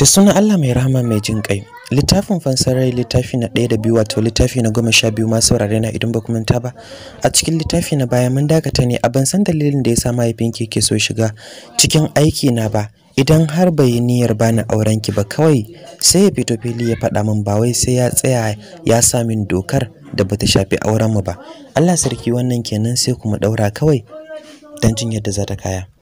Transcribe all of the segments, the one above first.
da sunan Allah mai rahama mai jin kai littafin fansarai littafi na ɗaya da biyu wato littafi na goma sha biyu masu saurare na idan ba manta ba a cikin littafi na baya mun dakata ne a ban san dalilin da ya sa mahaifin ke ke so shiga cikin aiki na ba idan har bai niyyar bani auren ki ba kawai sai ya fito fili ya faɗa min ba wai sai ya tsaya ya sa min dokar da bata shafi auren mu ba Allah sarki wannan kenan sai kuma daura kawai dan jin yadda za ta kaya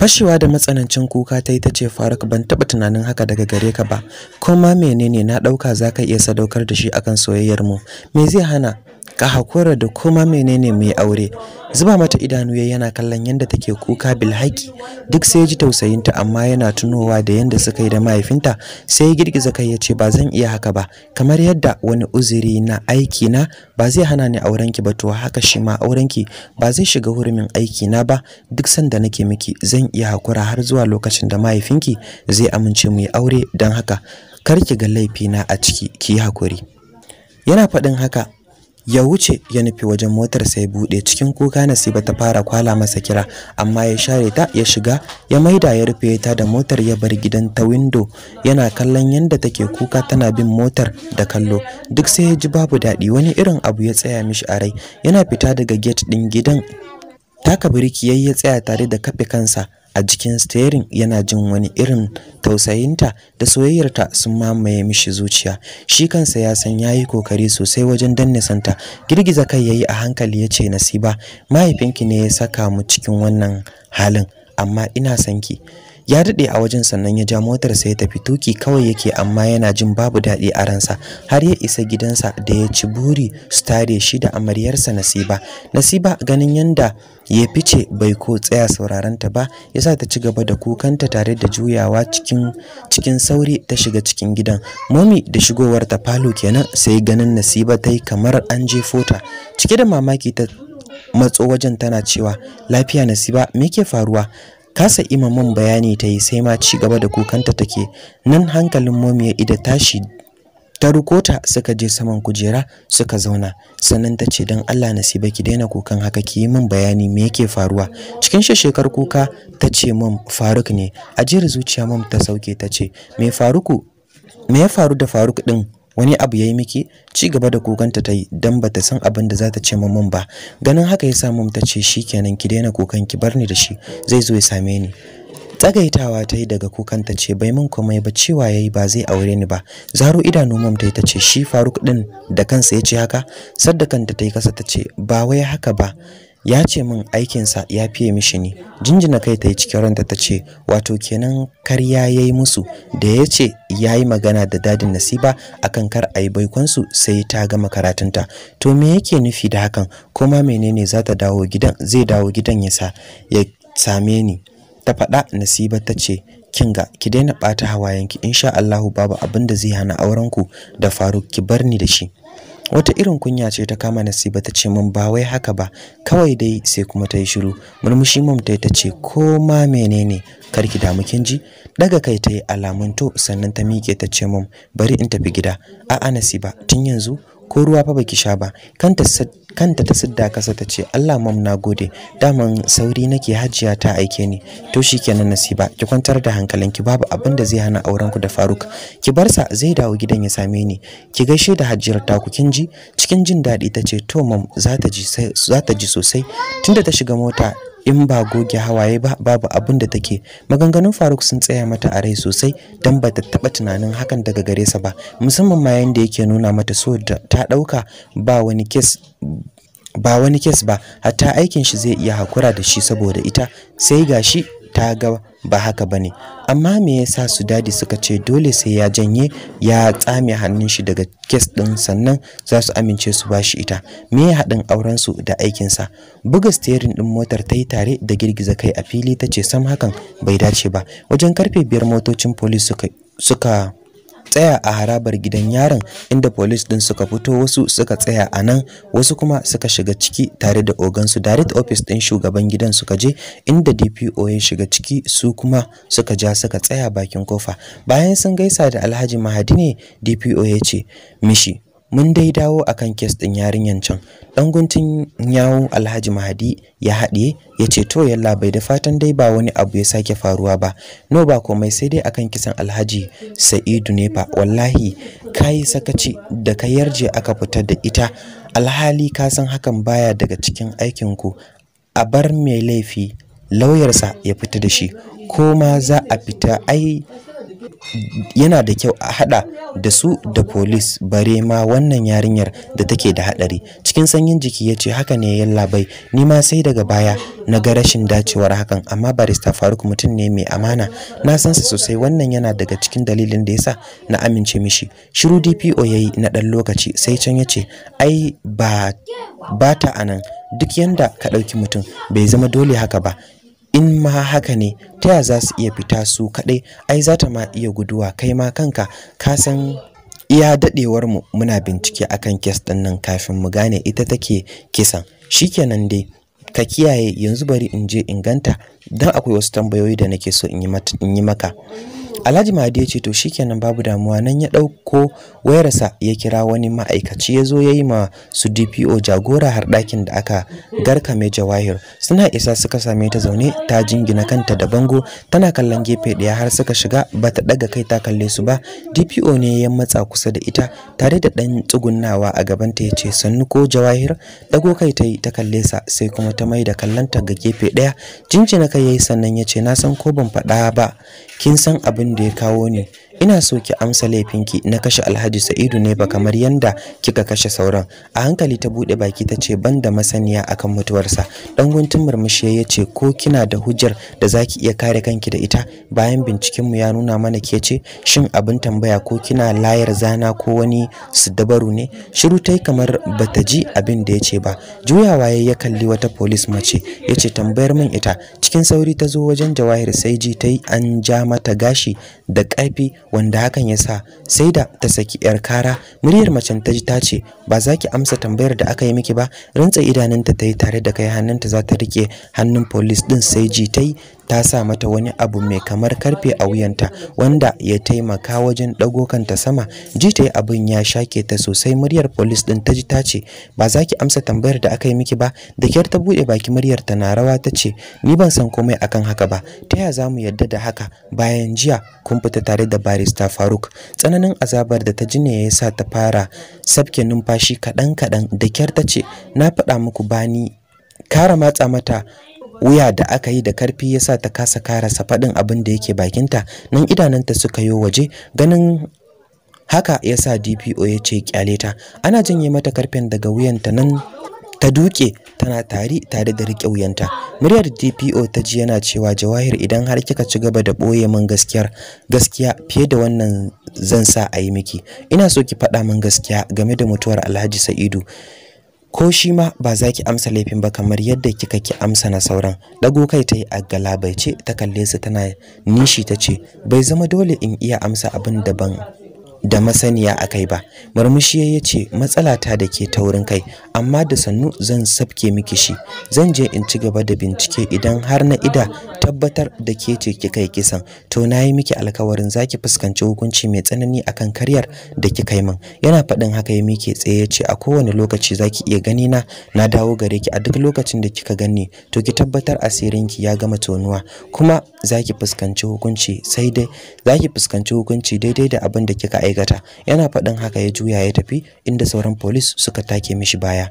fashewa da matsanancin kuka ta yi ta ce faruk ban taɓa tunanin haka daga gare ka ba kuma menene na ɗauka za ka iya sadaukar da shi akan soyayyar mu me zai hana ka hakura da koma menene mai aure zuba mata idanu yayin yana kallon yadda take kuka bilhaki duk sai ji tausayinta amma yana tunowa da yanda suka yi da mahaifinta sai ya girgiza kai ya ce ba zan iya haka ba kamar yadda wani uzuri na aiki na ba zai hana ni aurenki ba to haka shi ma aurenki ba zai shiga hurumin aiki na ba duk sanda nake miki zan iya hakura har zuwa lokacin da mahaifinki zai amince mu yi aure don haka kar ki ga na a ciki ki yi hakuri yana faɗin haka ya wuce ya nufi wajen motar sai bude cikin kuka nasiba ta fara kwala masa kira amma ya share ta ya shiga ya maida ya rufe ta da motar ya bar gidan ta window yana kallon yanda take kuka tana bin motar da kallo duk sai ya ji babu daɗi wani irin abu ya tsaya mishi a rai yana fita daga gate ɗin gidan taka biriki yayi ya tsaya tare da kafe kansa a jikin steering yana jin wani irin tausayinta da soyayyarta sun mamaye mishi zuciya shi kansa ya san yayi kokari sosai wajen danne santa girgiza kai yayi a hankali ya ce nasiba mahaifinki ne ya saka mu cikin wannan halin amma ina sanki. ya dade a wajen sannan ya ja motarsa ya tafi tuki kawai yake amma yana jin babu daɗi a ransa har ya isa gidansa da ya ci buri su tare shi da amaryarsa nasiba nasiba ganin yanda ya fice bai ko tsaya sauraron ta ba yasa ta ci gaba da kukanta tare da juyawa cikin cikin sauri ta shiga cikin gidan momi da shigowar ta falo kenan sai ganin nasiba ta kamar an jefo ta cike da mamaki ta matso wajen tana cewa lafiya nasiba me ke faruwa kasa imamin bayani ta yi sai ma ci gaba da kukanta take nan hankalin momiya ida tashi ta rukota suka je saman kujera suka zauna sannan ta ce don Allah nasiba ki daina kukan haka ki yi min bayani me yake faruwa cikin shekar kuka ta ce mun Faruk ne ajiyar zuciya mum ta sauke ta ce me Faruku me ya faru da Faruk din wani abu yayi miki ci gaba da kokanta ta dan bata san abin da za ta ce mun ba ganin haka yasa mun ta ce shikenan ki daina kokan ki bar ni da shi zai zo ya same ni tsagaitawa ta daga kokanta ce bai mun komai ba cewa yayi ba zai aure ni ba zaro idanu mum ta tace ce shi Faruk din da kansa ya ce haka Saddakan ta yi kasa ta ce ba wai haka ba ya ce min aikinsa ya fiye mishi ne jinjina kai ta yi cikin ranta ta ce wato kenan karya ya yi musu da ya ce ya yi magana da dadin nasiba akan kar a yi baikonsu sai ta gama karatunta to me yake nufi da hakan kuma menene za ta dawo gidan zai dawo gidan ya sa ya same ni ta faɗa nasiba ta ce kinga ki daina ɓata hawayenki insha Allahu babu abin da zai hana aurenku da Faruk ki bar da shi wata irin kunya ce ta kama nasiba ta ce mun ba wai haka ba kawai dai sai kuma ta yi shiru murmushi mam ta ce ko ma menene karki damu kin ji daga kai ta yi alamun to sannan ta miƙe ta ce mum bari in tafi gida a'a nasiba tun yanzu ko ruwa fa baki sha ba kanta kanta ta sidda kasa ta ce Allah mam na gode daman sauri nake hajiya ta aike ni to shikenan nasiba ki kwantar da hankalinki babu abin da zai hana aurenku da Faruk ki bar sa zai dawo gidan ya same ni ki gaishe da hajiyar ta ku kin ji cikin jin daɗi ta ce to mam za ta ji za ta ji sosai tunda ta shiga mota in ba goge hawaye ba babu abin da take maganganun Faruk sun tsaya mata a rai sosai dan ba ta taba tunanin hakan daga gare sa ba musamman ma yanda yake nuna mata so da ta dauka ba wani kes ba wani kes ba hatta aikin shi zai iya hakura da shi saboda ita sai ga shi ta ga ba haka bane amma me yasa su dadi suka ce dole sai ya janye ya tsame hannun shi daga kes ɗin sannan za su amince su bashi ita me ya hadin auren da aikinsa? buga steering ɗin motar tayi tare da girgiza kai a fili tace sam hakan bai dace ba wajen karfe biyar motocin police suka suka tsaya a harabar gidan yaron inda police din suka fito wasu suka tsaya a nan wasu kuma suka shiga ciki tare da ogansu direct office din shugaban gidan suka je inda DPO ya shiga ciki su kuma suka ja suka tsaya bakin kofa bayan sun gaisa da Alhaji Mahadi ne DPO ya ce mishi mun dai dawo akan kes din yarinyan can dan guntun yawo Alhaji Mahadi ya haɗiye ya ce to yalla bai da fatan dai ba wani abu ya sake faruwa ba no ba komai sai dai akan kisan Alhaji Sa'idu ne fa wallahi kai sakaci da ka yarje aka fitar da ita alhali ka san hakan baya daga cikin aikin ku a bar mai laifi lauyarsa ya fita da shi ko ma za a fita ai yana da kyau a hada da su da polis, bare ma wannan yarinyar da take da hadari cikin sanyin jiki ya ce haka ne ya labai. ni ma sai daga baya na ga rashin dacewar hakan amma barista faruk mutum ne mai amana na san sa sosai wannan yana daga cikin dalilin da yasa na amince mishi shiru dpo yayi na dan lokaci sai can ya ce ai ba ba ta anan duk yanda ka ɗauki mutum bai zama dole haka ba in ma haka ne taya za su iya fita su kaɗai ai za ta ma iya guduwa kai ma kanka ka san iya daɗewar mu muna bincike akan kes ɗin nan kafin mu gane ita take kisan shikenan dai ka kiyaye yanzu bari in je inganta don akwai wasu tambayoyi da nake so in yi maka Alhaji mahadi ya ce to shikenan babu damuwa nan ya dauko wayarsa ya kira wani ma'aikaci ya zo ya yi ma su DPO jagora har dakin da aka garka mai jawahir suna isa suka same ta zaune ta jingina kanta da bango tana kallon gefe ɗaya har suka shiga ba ta ɗaga kai ta kalle su ba DPO ne ya matsa kusa da ita tare da ɗan tsugunnawa a gaban ta ya ce sannu ko jawahir ɗago kai ta yi ta kalle sa sai kuma ta mai da ta ga gefe ɗaya jinjina kai ya yi sannan ya ce na san ko ban faɗa ba kin san abin abin da ya kawo ni. ina so ki amsa laifinki na kashe Alhaji Sa'idu ne ba kamar yanda kika kashe sauran a hankali ta bude baki ta ce banda masaniya akan mutuwarsa dan guntun murmushi ya ce ko kina da hujjar da zaki iya kare kanki da ita bayan binciken mu ya nuna mana ke ce shin abin tambaya ko kina layar zana ko wani su dabaru ne shiru tai kamar bata ji abin da ce ba juyawa ya kalli wata police mace Ya ce tambayar min ita cikin sauri ta zo wajen Jawahir sai ji tai an ja mata gashi da ƙarfi wanda hakan ya sa sai da ta saki yar kara muryar macen ta ji ta ce ba za ki amsa tambayar da aka yi miki ba rantsa idanunta ta yi tare da kai hannunta za ta rike hannun police din sai ji ta ta sa mata wani abu mai kamar karfe a wuyanta wanda ya taimaka wajen dago kanta sama ji ta yi abin ya shake ta sosai muryar polis din ta ji ta ce ba za ki amsa tambayar da aka yi miki ba da kyar ta bude baki muryar ta na rawa ta ce ni ban san komai akan haka ba ta ya za mu yadda da haka bayan jiya kun fita tare da barista Faruk tsananin azabar da ta ji ne ya sa ta fara sabke numfashi kaɗan kaɗan da kyar ta ce na faɗa muku bani kara matsa mata wuya da aka yi da karfi ya sa ta kasa karasa faɗin abin da yake bakinta nan idananta suka yi waje ganin haka ya sa dpo ya ce kyale ta ana janye mata karfin daga wuyanta nan ta duke tana tari tare da riƙe wuyanta muryar dpo ta ji yana cewa jawahir idan har kika ci gaba da ɓoye min gaskiyar gaskiya fiye da wannan zan sa a yi miki ina so ki faɗa min gaskiya game da mutuwar alhaji sa'idu ko shi ma ba za ki amsa laifin ba kamar yadda kika ki amsa na sauran dago kai ta yi a galabaice ta kalle su tana nishi ta ce bai zama dole in iya amsa abin da ban da masaniya a kai ba murmushi ya ce matsalata da ke taurin kai amma da sannu zan sabke miki shi zan je in ci gaba da bincike idan har na ida tabbatar da ke ce ki kai kisan to na yi miki alkawarin zaki fuskanci hukunci mai tsanani akan karyar da ki kai min yana faɗin haka ya miki tsaye ya ce a kowane lokaci zaki iya gani na na dawo gare ki a duk lokacin da kika gani to ki tabbatar asirin ki ya gama tonuwa kuma za fuskanci hukunci sai dai za fuskanci hukunci daidai da abin da kika aika. rigata yana faɗin haka ya juya ya tafi inda sauran police suka take mishi baya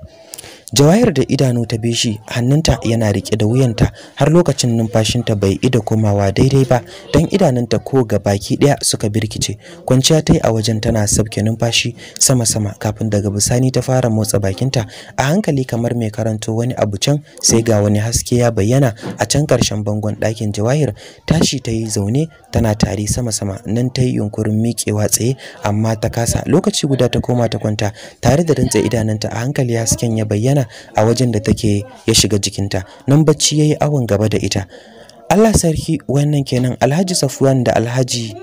Jawahir da idanu ta bishi hannunta yana rike da wuyanta har lokacin numfashinta bai ida komawa daidai ba dan idanunta ko ga baki daya suka birkice kwanciya ta yi a wajen tana sabke numfashi sama sama kafin daga bisani ta fara motsa bakinta a hankali kamar mai karanto wani abu can sai ga wani haske ya bayyana a can karshen bangon ɗakin Jawahir tashi ta yi zaune tana tari sama sama nan ta yi yunkurin miƙewa tsaye amma ta kasa lokaci guda ta koma ta kwanta tare da rantsa idanunta a hankali hasken ya bayyana magana a wajen da take ya shiga jikinta nan bacci yayi awon gaba da ita Allah sarki wannan kenan Alhaji Safwan da Alhaji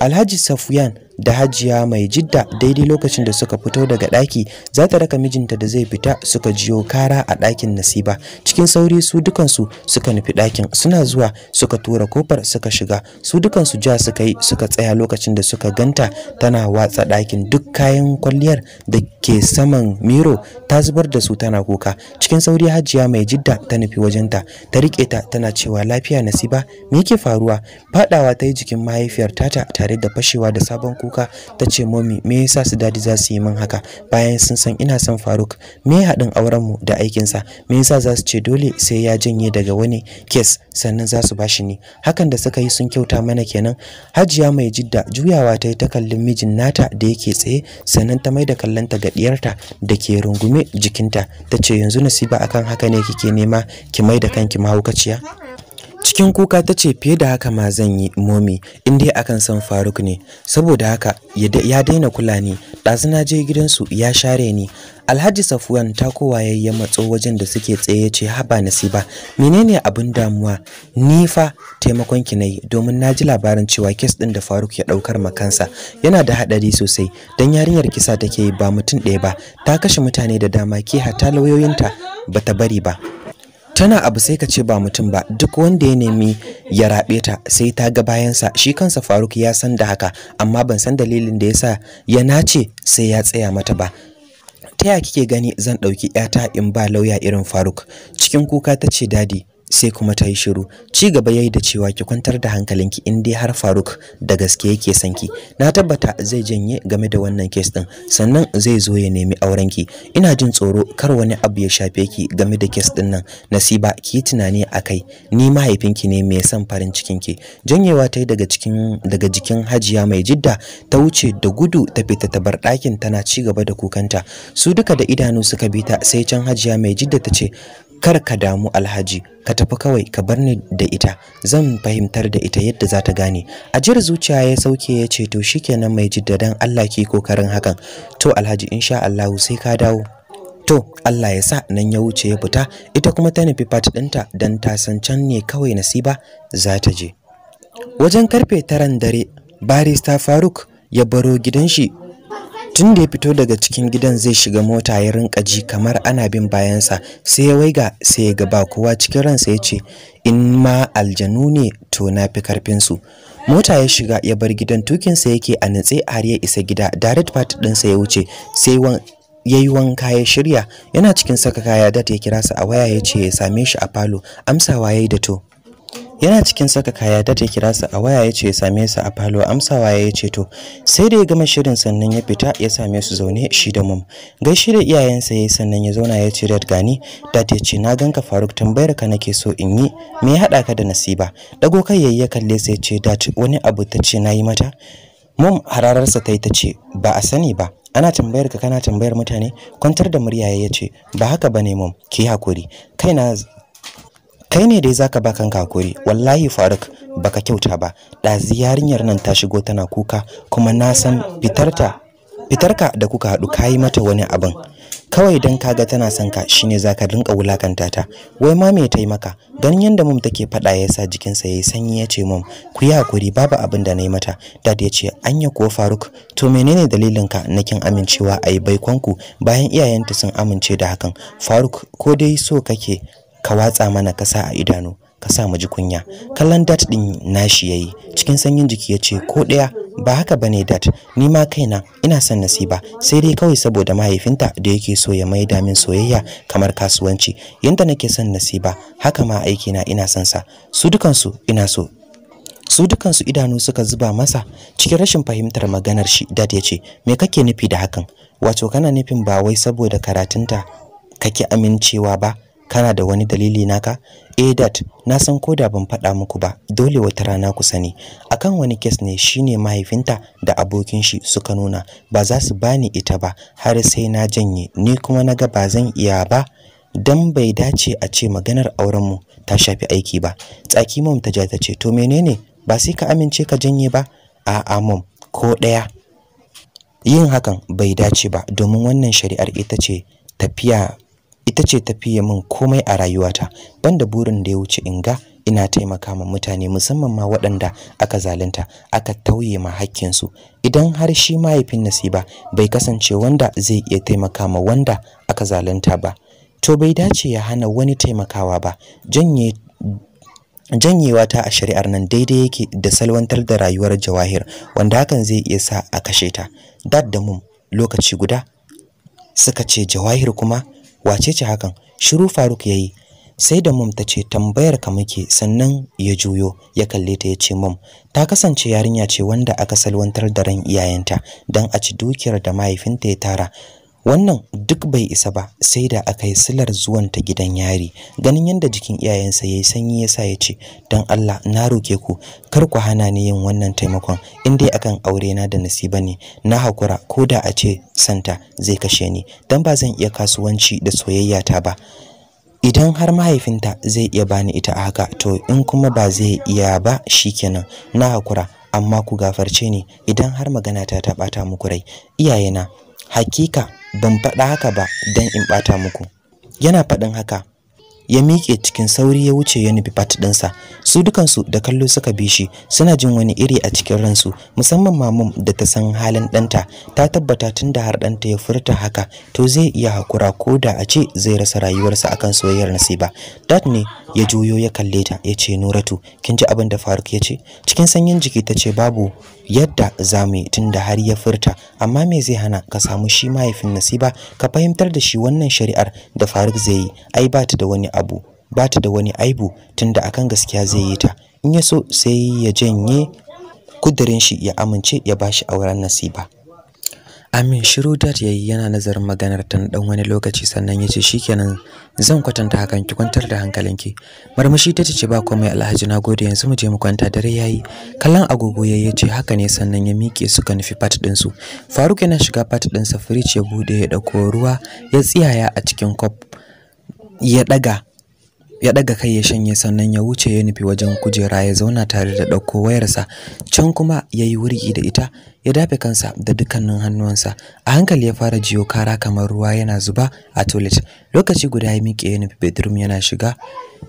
Alhaji Safwan da hajiya mai jidda daidai lokacin da suka fito daga ɗaki za ta raka mijinta da zai fita suka jiyo kara a ɗakin nasiba cikin sauri su dukansu suka nufi ɗakin suna zuwa suka tura kofar suka shiga su dukansu ja suka yi suka tsaya lokacin da suka ganta tana watsa ɗakin duk kayan kwalliyar da ke saman miro ta zubar da su tana kuka cikin sauri hajiya mai jidda ta nufi wajenta ta rike ta tana cewa lafiya nasiba me yake faruwa faɗawa ta yi jikin mahaifiyar tata tare da fashewa da sabon kuka ta ce mommy me yasa su dadi za su yi min haka bayan sun san ina son Faruk me haɗin auren mu da aikinsa? sa me yasa za su ce dole sai ya janye daga wani kes sannan za su bashi ni hakan da suka yi sun kyauta mana kenan Hajiya mai jidda juyawa ta yi ta kallin mijin nata da yake tsaye sannan ta mai da kallanta ga diyarta da ke rungume jikinta ta ce yanzu nasiba akan haka ne kike nema ki mai da kanki mahaukaciya cikin kuka ta ce fiye da haka ma zan yi momi in dai akan san faruk ne saboda haka ya daina kula ni ɗazu na je gidansu ya share ni alhaji safuwan ta kowa ya yi matso wajen da suke tsaye ya ce haba nasiba menene abin damuwa ni fa taimakon ki na yi domin na ji labarin cewa kes ɗin da faruk ya ɗaukar makansa yana da haɗari sosai don yarinyar kisa take yi ba mutum ɗaya ba ta kashe mutane da dama ke hatta lauyoyinta bata bari ba tana abu sai ka ce ba mutum ba duk wanda ya nemi ya rabe ta sai ta ga bayansa shi kansa faruk ya san da haka amma ban san dalilin da yasa ya nace sai ya tsaya mata ba ta ya kike gani zan ɗauki 'yata in ba lauya irin faruk cikin kuka ta ce dadi sai kuma ta yi shiru ci gaba yayi da cewa ki kwantar da hankalinki in dai har Faruk da gaske yake son ki na tabbata zai janye game da wannan case din sannan zai zo ya nemi aurenki ina jin tsoro kar wani abu ya shafe ki game da case din nan Nasiba ki tunani akai ni mahaifinki ne mai son farin cikin ki janyewa ta yi daga cikin daga jikin Hajiya mai jidda ta wuce da gudu ta fita ta bar ɗakin tana ci gaba da kukanta su duka da idanu suka bi ta sai can Hajiya mai jidda ta ce kar ka damu alhaji ka tafi kawai ka bar ni da ita zan fahimtar da ita yadda za ta gane ajiyar zuciya ya sauke ya ce to shikenan mai jidda dan Allah ki kokarin hakan to alhaji insha Allah sai ka dawo to Allah ya sa nan ya wuce ya fita ita kuma ta nufi fat ɗinta dan ta san can ne kawai nasiba za ta je wajen karfe taran dare barista Faruk ya baro gidan shi tun da ya fito daga cikin gidan zai shiga mota ya rinka ji kamar ana bin bayansa sai ya waiga sai ya ga kowa cikin ransa ya ce in ma aljanu ne to na fi karfinsu mota ya shiga ya bar gidan tukinsa yake a natse har ya isa gida direct part ɗinsa ya wuce sai ya yi wanka ya shirya yana cikin saka kaya dat ya kira sa a waya ya ce ya same shi a falo amsawa ya yi da to yana cikin saka kaya da ta kira sa a waya yace ya same su a falo amsawa ya ce to sai da ya gama shirin sannan ya fita ya same su zaune shi da mum gaishe da iyayensa yayi sannan ya zauna ya ce dad gani dad ya ce na ganka Faruk tambayar ka nake so in yi me ya hada ka da Nasiba dago kai yayi ya kalle sai ce dad wani abu ta ce nayi mata mum hararsa ta yi ta ce ba a sani ba ana tambayar ka kana tambayar mutane kwantar da murya ya ce ba haka bane mum ki hakuri kaina kai ne dai zaka ba kanka hakuri wallahi Faruk baka kyauta ba Da yarinyar nan ta shigo tana kuka kuma na san fitarta fitarka da kuka haɗu kayi mata wani abin kawai dan ga tana son ka shine zaka rinka wulakanta ta wai ma me tai maka ganin yanda mum take fada yasa jikinsa yayi sanyi yace mum ku yi hakuri babu abin da na yi mata dad yace anya ko Faruk to menene dalilin ka na kin amincewa ayi baikonku bayan iyayenta sun amince da hakan Faruk ko dai so kake ka watsa mana kasa a idanu ka sa mu ji kunya kallon dat din nashi yayi cikin sanyin jiki yace ko daya ba haka bane dat ni ma kaina ina son nasiba sai dai kawai saboda mahaifinta da yake so ya maida min soyayya kamar kasuwanci yanda nake son nasiba haka ma aiki na ina son sa su dukansu ina so su dukansu idanu suka zuba masa cikin rashin fahimtar maganar shi dad yace me kake nufi da hakan wato kana nufin ba wai saboda karatunta kake amincewa ba kana da wani dalili naka eh dat na san ko da ban faɗa muku ba dole wata rana ku sani akan wani kes ne shine mahaifinta da abokin shi suka nuna ba za su bani ita ba har sai na janye ni kuma naga ba zan iya ba dan bai dace a ce maganar auren mu ta shafi aiki ba tsaki mom ta ja ta ce to menene ba sai ka amince ka janye ba a'a mom ko ɗaya yin hakan bai dace ba domin wannan shari'ar ita ce tafiya ita ce tafiye min komai a rayuwata banda burin da ya wuce in ga ina taimaka ma mutane musamman ma waɗanda aka zalunta aka tauye ma hakkin su. idan har shi mahaifin nasiba bai kasance wanda zai iya taimaka ma wanda aka zalunta ba to bai dace ya hana wani taimakawa ba janye janyewa ta a shari'ar nan daidai yake da salwantar da rayuwar jawahir wanda hakan zai iya sa a kashe ta dad da mum lokaci guda suka ce jawahir kuma wace ce hakan shiru faruk yayi sai da mum ta ce tambayar ka muke sannan ya juyo ya kalle ta ya ce mum ta kasance yarinya ce wanda aka salwantar da ran iyayenta dan a ci dukiyar da mahaifinta ya tara wannan duk bai isa ba sai da aka yi silar zuwan ta gidan yari ganin yadda jikin iyayensa ya yi sanyi ya sa ya ce don allah na roke ku kar ku hana ni yin wannan taimakon in dai akan aure na da nasiba ne na hakura ko da a ce santa zai kashe ni don ba zan iya kasuwanci da soyayya ta ba idan har mahaifinta zai iya bani ita a haka to in kuma ba zai iya ba shi kenan, na hakura amma ku gafarce ni idan har magana ta ta bata muku rai iyayena hakika ban faɗa haka ba don in ɓata muku yana faɗin haka ya miƙe cikin sauri ya wuce ya nufi fat ɗinsa su dukansu da kallo suka bi shi suna jin wani iri a cikin ransu musamman mamum da ta san halin ɗanta ta tabbata tun da har ɗanta ya furta haka to zai iya hakura ko da a ce zai rasa rayuwarsa akan soyayyar nasiba dat ne ya juyo ya kalle ta ya ce nuratu kin ji abin da faruk ya ce cikin sanyin jiki ta ce babu yadda za mu yi tun da har ya furta amma me zai hana ka samu shi mahaifin nasiba ka fahimtar da shi wannan shari'ar da faruk zai yi ai ba ta da wani abu ba ta da wani aibu tunda akan gaskiya zai yi ta in ya so sai ya janye kudirin shi ya amince ya bashi auren nasiba Amin shiru dad yayi yana nazarin maganar ta dan wani lokaci sannan yace shikenan zan kwatanta hakan ki kwantar da hankalinki marmashi ta ce ba komai Alhaji na gode yanzu mu je mu kwanta dare yayi kallon agogo yayi ce haka ne sannan ya mike suka nufi fat din su Faruk yana shiga fat din sa fridge ya bude ya dauko ruwa ya tsiyaya a cikin cup ya ɗaga ya daga kai ya shanye sannan ya wuce ya nufi wajen kujera ya zauna tare da ɗauko wayarsa can kuma ya yi wurgi da ita ya dafe kansa da dukkanin hannuwansa a hankali ya fara jiyo kara kamar ruwa yana zuba a toilet lokaci guda ya miƙe ya nufi bedroom yana shiga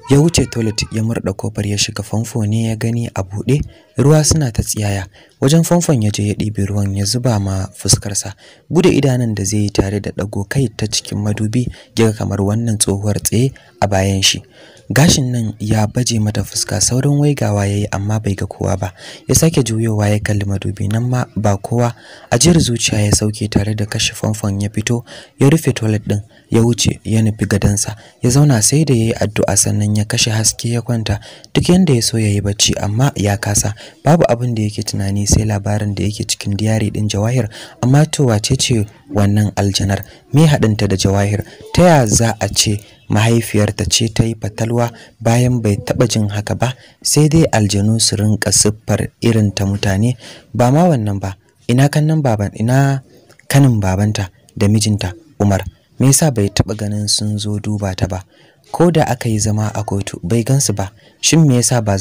ya wuce toilet ya murda kofar ya shiga famfo ne ya gani a buɗe ruwa suna ta tsiyaya wajen famfon ya je ya ɗibi ruwan ya zuba ma fuskarsa bude idanun da zai yi tare da ɗago kai ta cikin madubi ya kamar wannan tsohuwar tsaye a bayan shi gashin nan ya baje mata fuska saurin waigawa ya yi amma bai ga kowa ba ya sake juyowa ya kalli madubi nan ma ba kowa ajiyar zuciya ya sauke tare da kashe famfon ya fito ya rufe toilet ɗin ya wuce ya nufi gadansa ya zauna sai da ya yi addu'a sannan ya kashe haske ya kwanta duk yanda ya so ya yi bacci amma ya kasa babu abin da yake tunani sai labarin da yake cikin diyari din Jawahir amma to wace ce wannan aljanar me haɗinta da Jawahir ta ya za a ce mahaifiyarta ce ta yi fatalwa bayan bai taɓa jin haka ba sai dai aljanu su rinka siffar irin ta mutane ba ma wannan ba ina kannan ina kanin babanta da mijinta Umar me yasa bai taɓa ganin sun zo duba ta ba ko da aka yi zama a kotu bai gansu ba shin me yasa ba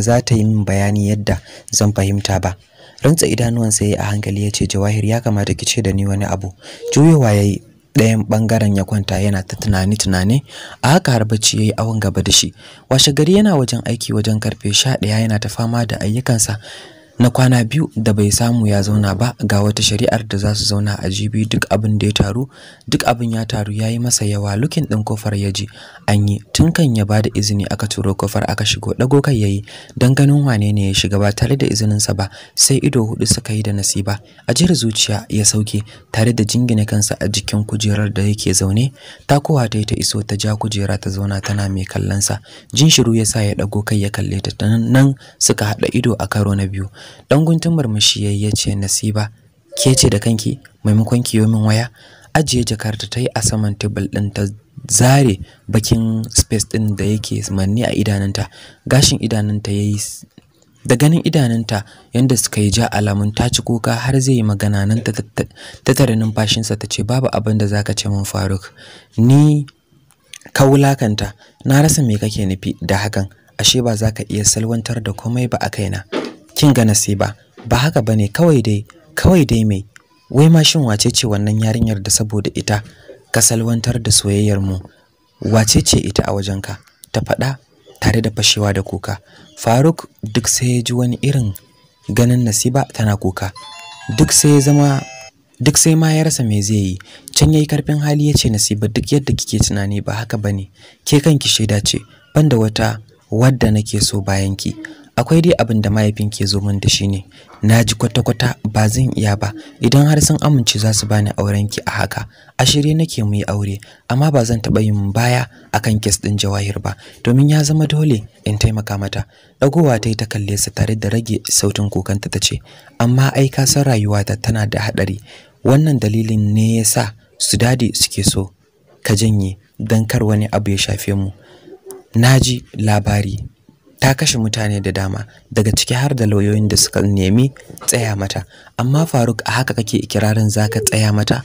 za ta yi min bayani yadda zan fahimta ba rantsa idanuwan sai a hankali ya ce jawahir ya kamata ki ce da ni wani abu juyowa ya yi ɗayan ɓangaren ya kwanta yana ta tunani-tunani a haka har bacci ya yi awon gaba da shi washe gari yana wajen aiki wajen karfe sha ɗaya yana ta fama da ayyukansa na kwana biyu da bai samu ya zauna ba ga wata shari'ar da za su zauna a jibi duk abin da ya taru duk abin ya taru ya yi masa yawa lukin ɗin kofar ya ji an yi tun kan ya bada izini aka turo kofar aka shigo ɗago kai ya yi don ganin wane ne ya shiga ba tare da izininsa ba sai ido hudu suka yi da nasiba a jihar zuciya ya sauke tare da jingina kansa a jikin kujerar da yake zaune takowa ta yi ta iso ta ja kujera ta zauna tana mai kallonsa jin shiru ya sa ya ɗago kai ya kalle ta nan suka haɗa ido a karo na biyu dan guntun murmushi yayi yace nasiba ke ce da kanki maimakon ki min waya ajiye jakar ta yi a saman table din ta zare bakin space din da yake manne a idananta gashin idananta yayi da ganin idananta yanda suka yi ja alamun ta ci kuka har zai yi magana nan ta tare numfashinsa ta ce babu abin da zaka ce min Faruk ni ka wulakanta na rasa me kake nufi da hakan ashe ba zaka iya salwantar da komai ba a kaina kin ga nasiba ba haka bane kawai dai kawai dai mai wai ma shin wace ce wannan yarinyar da saboda ita ka salwantar da soyayyar mu wace ce ita a wajen ka. ta faɗa tare da fashewa da kuka Faruk duk sai ya ji wani irin ganin Nasiba tana kuka duk sai ya zama duk sai ma ya rasa me zai yi can yayi karfin hali ya ce Nasiba duk yadda kike tunani ba haka bane ke kanki shaida ce banda wata wadda nake so bayan ki akwai dai abin da mahaifin ke zo min da shi ne na ji kwata-kwata ba zan iya ba idan har sun amince za su bani auren ki a haka a shirye nake mu yi aure amma ba zan taɓa yin baya akan kes ɗin jawahir ba domin ya zama dole in taimaka mata ɗagowa ta yi ta kalle sa tare da rage sautin kokanta ta ce amma ai ka san rayuwata tana da haɗari wannan dalilin ne ya sa su dade suke so ka janye don kar wani abu ya shafe mu na ji labari ta kashe mutane da dama daga ciki har da lauyoyin da suka nemi tsaya mata amma Faruk a haka kake ikirarin zaka tsaya mata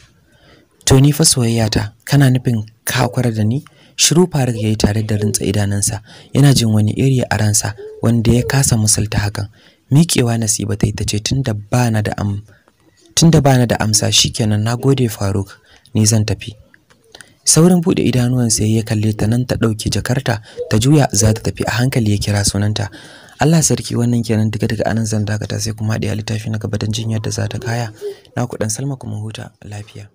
to ni fa soyayyata kana nufin ka kwara da ni shiru Faruk yayi tare da rintsa idanansa yana jin wani iri a ransa wanda ya kasa musulta hakan miƙewa nasiba ta yi tace tunda bana da am tunda bana da amsa shikenan nagode Faruk ni zan tafi saurin bude idanuwan sai ya kalle ta nan ta dauki jakarta ta juya za ta tafi a hankali ya kira sunanta Allah sarki wannan kenan duka daga anan zan dakata sai kuma da littafi na gaba dan jin yadda za ta kaya na ku dan Salma kuma huta lafiya